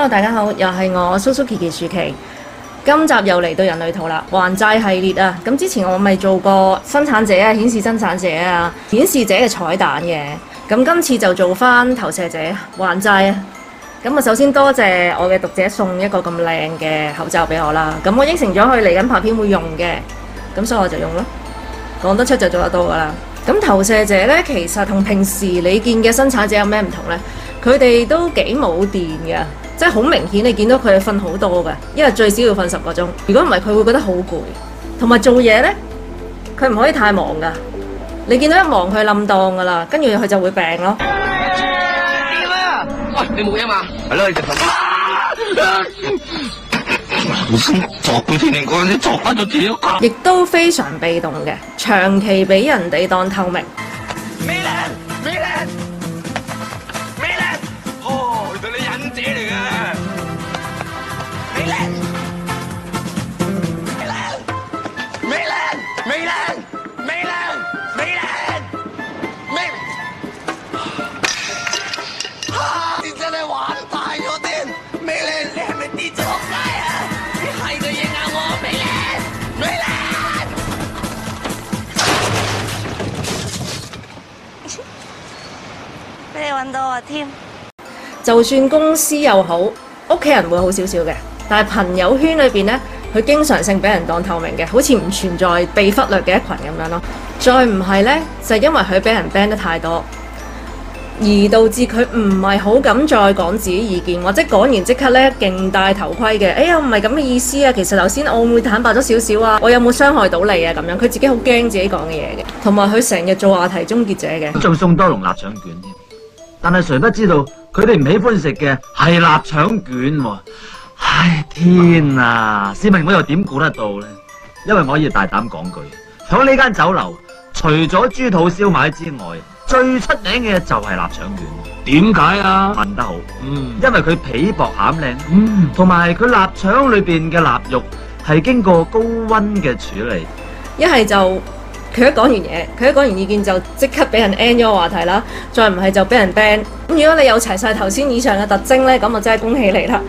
Hello 大家好，又係我 Susukiki 薯琪。今集又嚟到人類圖啦，還債系列啊。咁之前我咪做過生產者啊，顯示生產者啊，顯示者嘅彩蛋嘅。咁今次就做翻投射者還債。咁啊，首先多謝我嘅讀者送一個咁靚嘅口罩俾我啦。咁我應承咗佢嚟緊拍片會用嘅，咁所以我就用咯。講得出就做得到噶啦。咁投射者呢，其實同平時你見嘅生產者有咩唔同呢？佢哋都幾冇電噶。即係好明顯，你見到佢瞓好多嘅，因為最少要瞓十個鐘。如果唔係，佢會覺得好攰。同埋做嘢咧，佢唔可以太忙噶。你見到一忙，佢冧檔噶啦，跟住佢就會病咯。喂、啊 哎，你冇嘢嘛？係咯， 你直頭。半天嚟講，先坐翻咗幾亦都非常被動嘅，長期俾人哋當透明。咩嚟？問到添，就算公司又好，屋企人會好少少嘅，但係朋友圈裏邊呢，佢經常性俾人當透明嘅，好似唔存在被忽略嘅一群咁樣咯。再唔係呢，就係因為佢俾人 ban 得太多，而導致佢唔係好敢再講自己意見，或者講完即刻呢勁戴頭盔嘅。哎呀，唔係咁嘅意思啊，其實頭先我會坦白咗少少啊，我有冇傷害到你啊？咁樣，佢自己好驚自己講嘅嘢嘅，同埋佢成日做話題終結者嘅，仲送多籠臘腸卷但係誰不知道佢哋唔喜歡食嘅係臘腸卷喎！唉天啊，市民我又點估得到呢？因為我可以大膽講句，響呢間酒樓除咗豬肚燒賣之外，最出名嘅就係臘腸卷。點解啊？問得好，嗯，因為佢皮薄餡靚，嗯，同埋佢臘腸裏邊嘅臘肉係經過高溫嘅處理，一係就。佢一講完嘢，佢一講完意見就即刻俾人 end 咗個話題啦，再唔係就俾人 ban。咁如果你有齊晒頭先以上嘅特徵咧，咁啊真係恭喜你啦！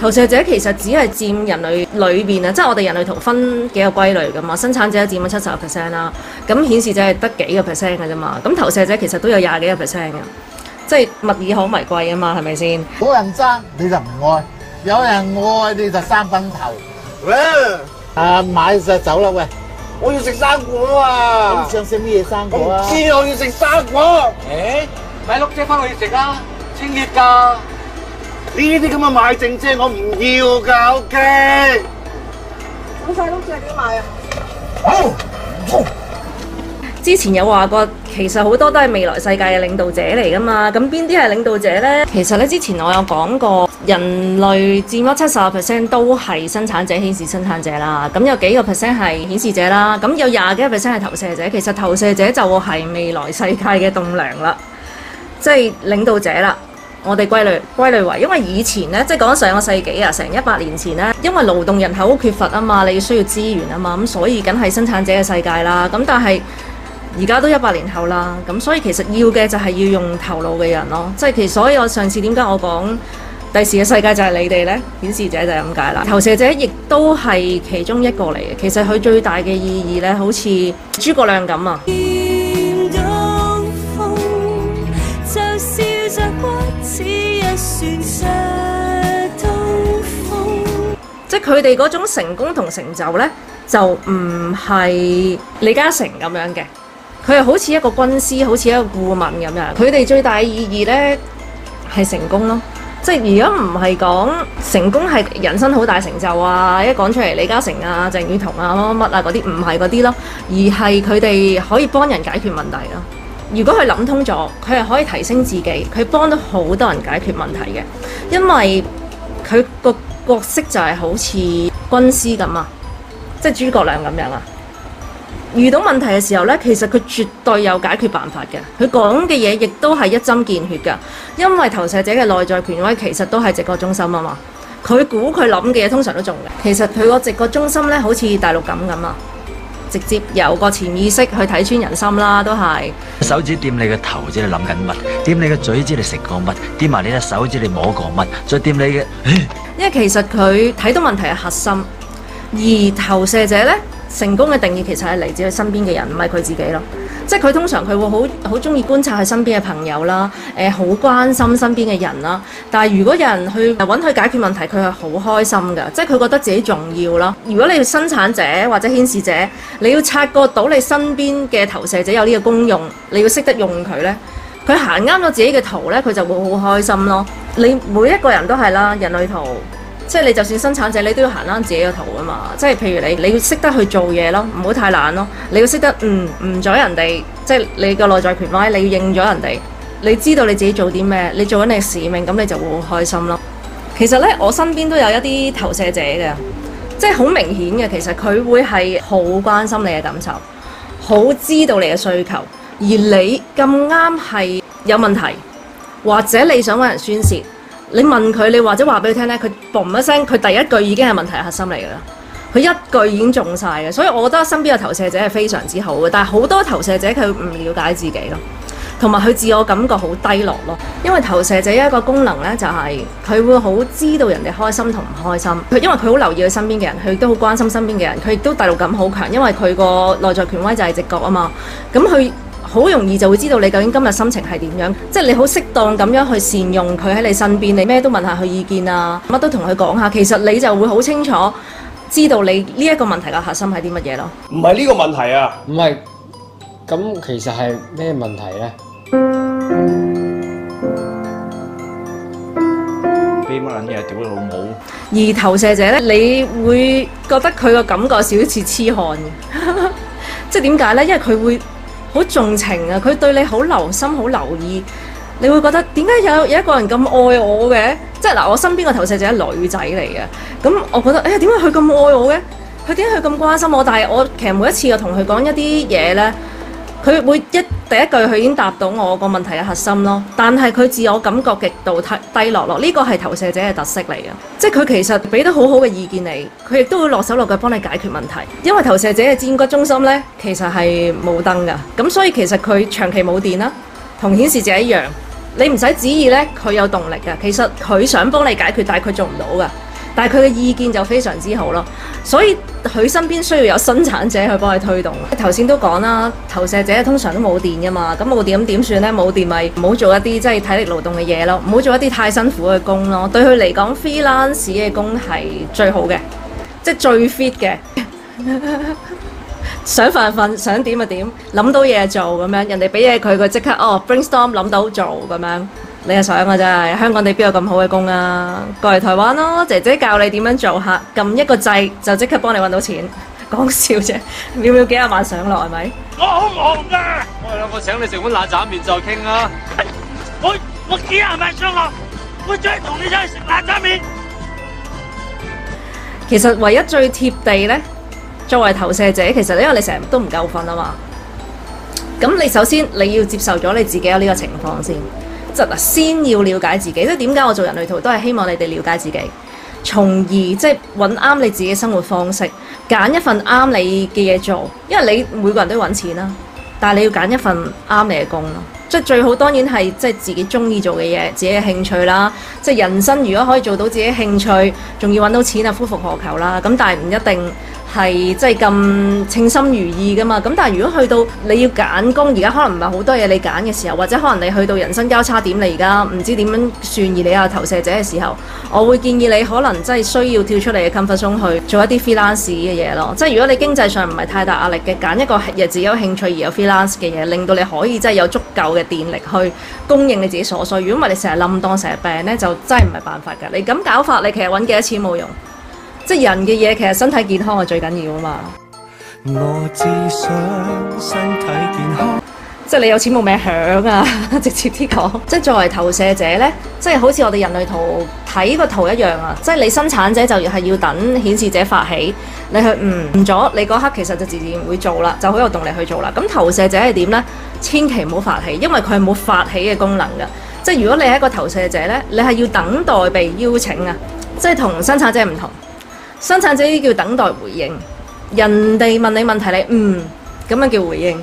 投射者其實只係佔人類裏邊啊，即係我哋人類圖分幾個歸類噶嘛，生產者佔咗七十個 percent 啦，咁顯示者係得幾個 percent 嘅啫嘛，咁投射者其實都有廿幾個 percent 嘅，即係物以罕為貴啊嘛，係咪先？冇人憎你就唔愛，有人愛你就三分頭。哇啊，買就走啦喂！我要食生果啊！你想食咩嘢生果啊？我唔知啊我要食生果。誒、欸，買碌蔗翻去食啦，清熱噶。呢啲咁嘅買剩蔗我唔要噶，OK。咁細碌蔗點買啊？好、哦之前有話過，其實好多都係未來世界嘅領導者嚟㗎嘛。咁邊啲係領導者呢？其實呢，之前我有講過，人類佔咗七十個 percent 都係生產者、顯示生產者啦。咁有幾個 percent 係顯示者啦，咁有廿幾個 percent 係投射者。其實投射者就係未來世界嘅棟梁啦，即係領導者啦。我哋歸類歸類為，因為以前呢，即係講上個世紀啊，成一百年前呢，因為勞動人口好缺乏啊嘛，你需要資源啊嘛，咁所以梗係生產者嘅世界啦。咁但係而家都一百年後啦，咁所以其實要嘅就係要用頭腦嘅人咯，即係其實所以我上次點解我講第時嘅世界就係你哋呢？顯示者就係咁解啦。投射者亦都係其中一個嚟嘅，其實佢最大嘅意義呢，好似諸葛亮咁啊。即係佢哋嗰種成功同成就呢，就唔係李嘉誠咁樣嘅。佢係好似一個軍師，好似一個顧問咁樣。佢哋最大意義呢，係成功咯。即係而家唔係講成功係人生好大成就啊！一講出嚟，李嘉誠啊、鄭裕彤啊、乜乜乜啊嗰啲唔係嗰啲咯，而係佢哋可以幫人解決問題咯。如果佢諗通咗，佢係可以提升自己，佢幫到好多人解決問題嘅。因為佢個角色就係好似軍師咁啊，即係諸葛亮咁樣啊。遇到問題嘅時候呢，其實佢絕對有解決辦法嘅。佢講嘅嘢亦都係一針見血噶，因為投射者嘅內在權威其實都係直覺中心啊嘛。佢估佢諗嘅嘢通常都中嘅。其實佢個直覺中心呢好似第六感咁啊，直接有個潛意識去睇穿人心啦，都係。手指掂你個頭，知你諗緊乜；掂你個嘴你，知你食過乜；掂埋你隻手，知你摸過乜；再掂你嘅。因為其實佢睇到問題嘅核心，而投射者呢。成功嘅定義其實係嚟自佢身邊嘅人，唔係佢自己咯。即係佢通常佢會好好鍾意觀察佢身邊嘅朋友啦，誒、呃、好關心身邊嘅人啦。但係如果有人去揾佢解決問題，佢係好開心嘅，即係佢覺得自己重要咯。如果你係生產者或者顯示者，你要察覺到你身邊嘅投射者有呢個功用，你要識得用佢呢。佢行啱咗自己嘅圖呢，佢就會好開心咯。你每一個人都係啦，人類圖。即係你就算生產者，你都要行翻自己個圖啊嘛！即係譬如你，你要識得去做嘢咯，唔好太懶咯。你要識得，嗯，唔阻人哋，即係你個內在權威，你要認咗人哋。你知道你自己做啲咩，你做緊你嘅使命，咁你就會好開心咯。其實呢，我身邊都有一啲投射者嘅，即係好明顯嘅。其實佢會係好關心你嘅感受，好知道你嘅需求，而你咁啱係有問題，或者你想揾人宣洩，你問佢，你或者話俾佢聽咧，佢嘣一聲，佢第一句已經係問題核心嚟㗎啦，佢一句已經中晒嘅，所以我覺得身邊嘅投射者係非常之好嘅，但係好多投射者佢唔了解自己咯，同埋佢自我感覺好低落咯，因為投射者一個功能咧就係佢會好知道人哋開心同唔開心，佢因為佢好留意佢身邊嘅人，佢亦都好關心身邊嘅人，佢亦都第六感好強，因為佢個內在權威就係直覺啊嘛，咁佢。好容易就會知道你究竟今日心情係點樣，即係你好適當咁樣去善用佢喺你身邊，你咩都問下佢意見啊，乜都同佢講下，其實你就會好清楚知道你呢一個問題嘅核心係啲乜嘢咯。唔係呢個問題啊不是，唔係咁，其實係咩問題呢？啲乜撚嘢屌你老母！而投射者呢，你會覺得佢個感覺少似痴漢嘅，即係點解呢？因為佢會。好重情啊！佢對你好留心，好留意，你會覺得點解有有一個人咁愛我嘅？即係嗱，我身邊個投射者係女仔嚟嘅，咁我覺得哎呀，點解佢咁愛我嘅？佢點解佢咁關心我？但係我其實每一次我同佢講一啲嘢呢，佢會一。第一句佢已經答到我個問題嘅核心咯，但係佢自我感覺極度低低落落，呢個係投射者嘅特色嚟嘅，即係佢其實俾得好好嘅意見你，佢亦都會落手落腳幫你解決問題，因為投射者嘅薦骨中心呢，其實係冇燈㗎，咁所以其實佢長期冇電啦，同顯示者一樣，你唔使旨意呢，佢有動力㗎，其實佢想幫你解決，但係佢做唔到㗎。但係佢嘅意見就非常之好咯，所以佢身邊需要有生產者去幫佢推動。頭先都講啦，投射者通常都冇電㗎嘛，咁冇電咁點算呢？冇電咪唔好做一啲即係體力勞動嘅嘢咯，唔好做一啲太辛苦嘅工咯。對佢嚟講，freelance 嘅工係最好嘅，即係最 fit 嘅。 想瞓就瞓，想點就點，諗、哦、到嘢做咁樣，人哋俾嘢佢，佢即刻哦，brainstorm 諗到做咁樣。你係想真、啊、啫，香港地邊有咁好嘅工啊？過嚟台灣咯，姐姐教你點樣做客，撳一個掣就即刻幫你揾到錢。講笑啫，秒秒要幾廿萬上落係咪？是是我好忙嘅、哎，我兩個請你食碗辣渣麵再傾啊！哎、我我幾廿萬上落，我再同你一去食辣渣麵。其實唯一最貼地咧，作為投射者，其實因為你成日都唔夠瞓啊嘛。咁你首先你要先接受咗你自己有呢個情況先。先要了解自己，即係點解我做人類圖都係希望你哋了解自己，從而即係揾啱你自己嘅生活方式，揀一份啱你嘅嘢做。因為你每個人都要揾錢啦，但係你要揀一份啱你嘅工咯。即係最好當然係即係自己中意做嘅嘢，自己嘅興趣啦。即係人生如果可以做到自己嘅興趣，仲要揾到錢啊，夫復何求啦？咁但係唔一定。係即係咁稱心如意噶嘛？咁但係如果去到你要揀工，而家可能唔係好多嘢你揀嘅時候，或者可能你去到人生交叉點，你而家唔知點樣算而你阿投射者嘅時候，我會建議你可能真係需要跳出你嘅 confusion 去做一啲 freelance 嘅嘢咯。即係如果你經濟上唔係太大壓力嘅，揀一個日又自己有興趣而有 freelance 嘅嘢，令到你可以真係有足夠嘅電力去供應你自己所需。如果唔係你成日冧檔成日病呢，就真係唔係辦法嘅。你咁搞法，你其實揾幾多錢冇用。即係人嘅嘢，其實身體健康係最緊要啊嘛。我只想身體健康。即係你有錢冇命享啊！直接啲講，即係作為投射者呢，即係好似我哋人類圖睇個圖一樣啊！即係你生產者就係要等顯示者發起，你去唔咗、嗯、你嗰刻，其實就自然會做啦，就好有動力去做啦。咁投射者係點呢？千祈唔好發起，因為佢係冇發起嘅功能㗎。即係如果你係一個投射者呢，你係要等待被邀請啊！即係同生產者唔同。生產者叫等待回應，人哋問你問題，你嗯咁樣叫回應。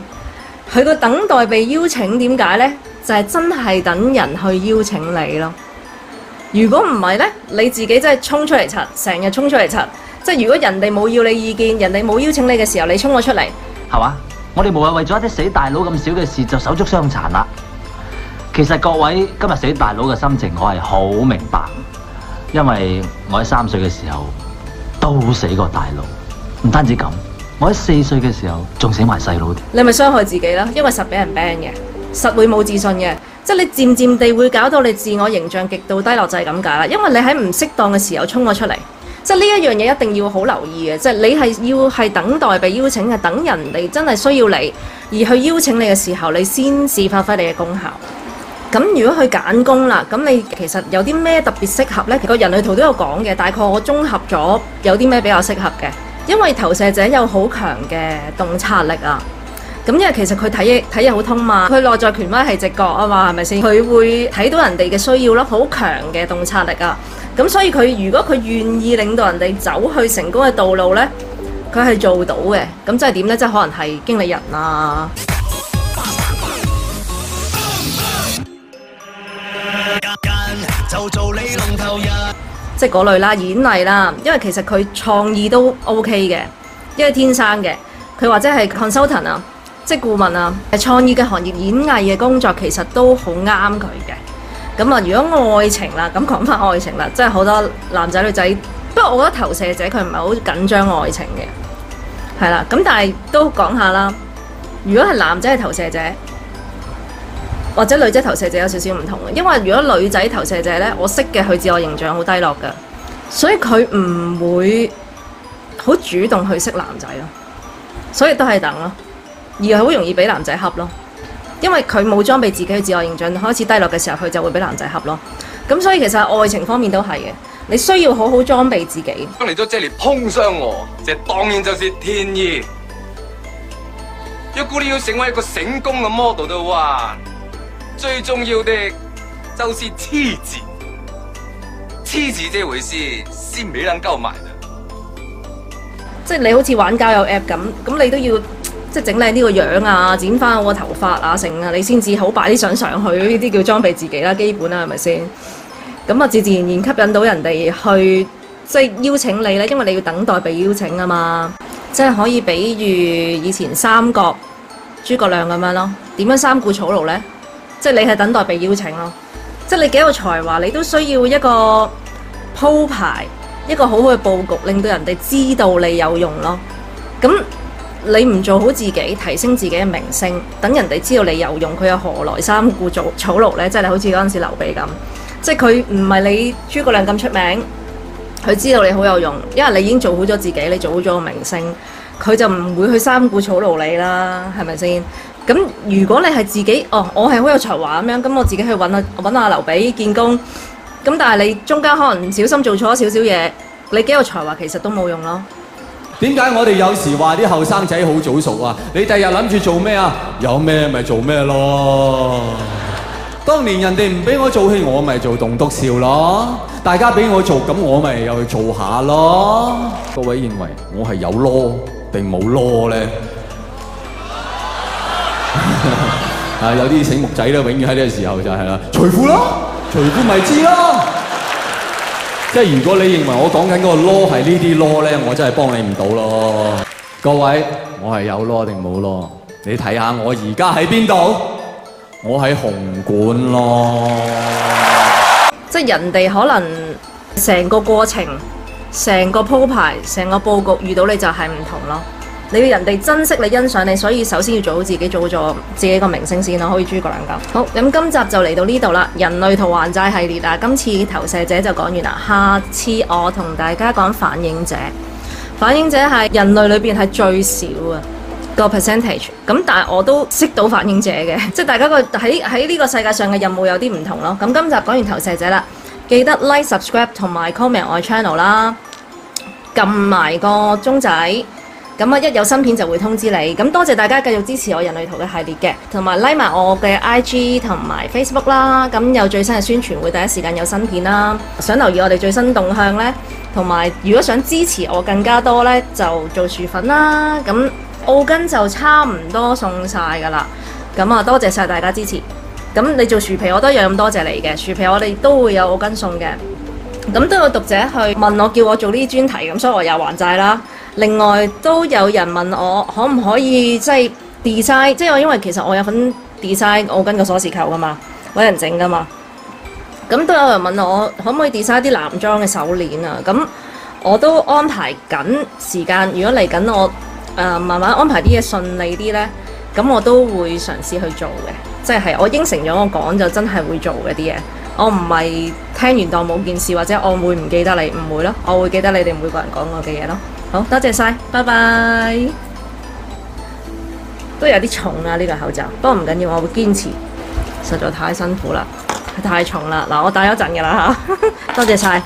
佢個等待被邀請點解呢？就係真係等人去邀請你咯。如果唔係呢，你自己真係衝出嚟柒，成日衝出嚟柒。即係如果人哋冇要你意見，人哋冇邀請你嘅時候，你衝我出嚟，係嘛？我哋無謂為咗一啲死大佬咁少嘅事就手足相殘啦。其實各位今日死大佬嘅心情，我係好明白，因為我喺三歲嘅時候，都死個大佬，唔單止咁，我喺四歲嘅時候仲死埋細佬。你咪傷害自己啦，因為實俾人 ban 嘅，實會冇自信嘅，即係你漸漸地會搞到你自我形象極度低落，就係咁解啦。因為你喺唔適當嘅時候衝咗出嚟。即係呢一樣嘢一定要好留意嘅，即係你係要係等待被邀請嘅，等人哋真係需要你而去邀請你嘅時候，你先至發揮你嘅功效。咁如果去揀工啦，咁你其實有啲咩特別適合呢？其實個人類圖都有講嘅，大概我綜合咗有啲咩比較適合嘅，因為投射者有好強嘅洞,洞察力啊。咁因為其實佢睇嘢睇嘢好通嘛，佢內在權威係直覺啊嘛，係咪先？佢會睇到人哋嘅需要咯，好強嘅洞察力啊。咁所以佢如果佢願意領導人哋走去成功嘅道路呢，佢係做到嘅。咁即係點呢？即係可能係經理人啊。就做你龍頭人，即係嗰類啦，演藝啦，因為其實佢創意都 OK 嘅，因為天生嘅。佢或者係 consultant 啊，即係顧問啊，創意嘅行業、演藝嘅工作，其實都好啱佢嘅。咁啊，如果愛情啦，咁講翻愛情啦，真係好多男仔女仔，不過我覺得投射者佢唔係好緊張愛情嘅，係啦，咁但係都講下啦，如果係男仔係投射者。或者女仔投射者有少少唔同嘅，因為如果女仔投射者咧，我識嘅佢自我形象好低落㗎，所以佢唔會好主動去識男仔咯，所以都係等咯，而係好容易俾男仔恰咯，因為佢冇裝備自己嘅自我形象開始低落嘅時候，佢就會俾男仔恰咯，咁所以其實愛情方面都係嘅，你需要好好裝備自己。嚟到這裡碰傷我，這、就是、當然就是天意。如果你要成為一個成功嘅 model 都好，最重要的就是黐字，黐字呢回事先未能夠買嘅，即係你好似玩交友 app 咁，咁你都要即係整靚呢個樣啊，剪翻我個頭髮啊，成啊，你先至好擺啲相上去，呢啲叫裝備自己啦，基本啦，係咪先？咁啊，自自然然吸引到人哋去，即係邀請你呢，因為你要等待被邀請啊嘛，即係可以比喻以前三國諸葛亮咁樣咯，點樣三顧草廬呢？即係你係等待被邀請咯，即係你幾有才華，你都需要一個鋪排，一個好好嘅佈局，令到人哋知道你有用咯。咁你唔做好自己，提升自己嘅名聲，等人哋知道你有用，佢又何來三顧草廬呢？即係你好似嗰陣時劉備咁，即係佢唔係你諸葛亮咁出名，佢知道你好有用，因為你已經做好咗自己，你做好咗個名聲，佢就唔會去三顧草廬你啦，係咪先？咁如果你係自己，哦，我係好有才華咁樣，咁我自己去揾下揾下劉備見工。咁但係你中間可能唔小心做錯少少嘢，你幾有才華其實都冇用咯。點解我哋有時話啲後生仔好早熟啊？你第日諗住做咩啊？有咩咪做咩咯。當年人哋唔俾我做戲，我咪做棟篤笑咯。大家俾我做，咁我咪又去做下咯。各位認為我係有攞定冇攞咧？啊！有啲醒目仔咧，永遠喺呢個時候就係、是、啦。除褲咯，除褲咪知咯。 即係如果你認為我講緊嗰個攞係呢啲攞咧，我真係幫不了你唔到咯。各位，我係有攞定冇攞？你睇下我而家喺邊度？我喺紅館咯。即係人哋可能成個過程、成個鋪排、成個佈局遇到你就係唔同咯。你要人哋珍惜你、欣賞你，所以首先要做好自己，做好自己個明星先咯。可以，諸葛亮咁好咁。咁今集就嚟到呢度啦。人類圖還債系列啊，今次投射者就講完啦。下次我同大家講反映者，反映者係人類裏邊係最少啊個 percentage。咁但係我都識到反映者嘅，即係大家個喺喺呢個世界上嘅任務有啲唔同咯。咁今集講完投射者啦，記得 like、subscribe 同埋 comment 我 channel 啦，撳埋個鐘仔。咁啊，一有新片就會通知你。咁多謝大家繼續支持我人類圖嘅系列嘅，同埋 like 埋我嘅 IG 同埋 Facebook 啦。咁有最新嘅宣傳會第一時間有新片啦。想留意我哋最新動向呢？同埋如果想支持我更加多呢，就做薯粉啦。咁奧根就差唔多送晒噶啦。咁啊，多謝晒大家支持。咁你做薯皮，我都有咁多謝你嘅薯皮，我哋都會有奧根送嘅。咁都有讀者去問我，叫我做呢啲專題，咁所以我又還債啦。另外都有人問我可唔可以即係 design，即係我因為其實我有份 design 我跟個鎖匙扣㗎嘛，搵人整㗎嘛。咁都有人問我可唔可以 design 啲男裝嘅手鏈啊？咁我都安排緊時間。如果嚟緊我、呃、慢慢安排啲嘢順利啲呢，咁我都會嘗試去做嘅。即係我應承咗我講就真係會做嘅啲嘢，我唔係聽完當冇件事，或者我會唔記得你唔會咯，我會記得你哋每個人講我嘅嘢咯。好多謝曬，拜拜。都有啲重啊，呢個口罩。不過唔緊要，我會堅持。實在太辛苦啦，太重啦。嗱，我戴咗陣㗎啦嚇。多謝曬。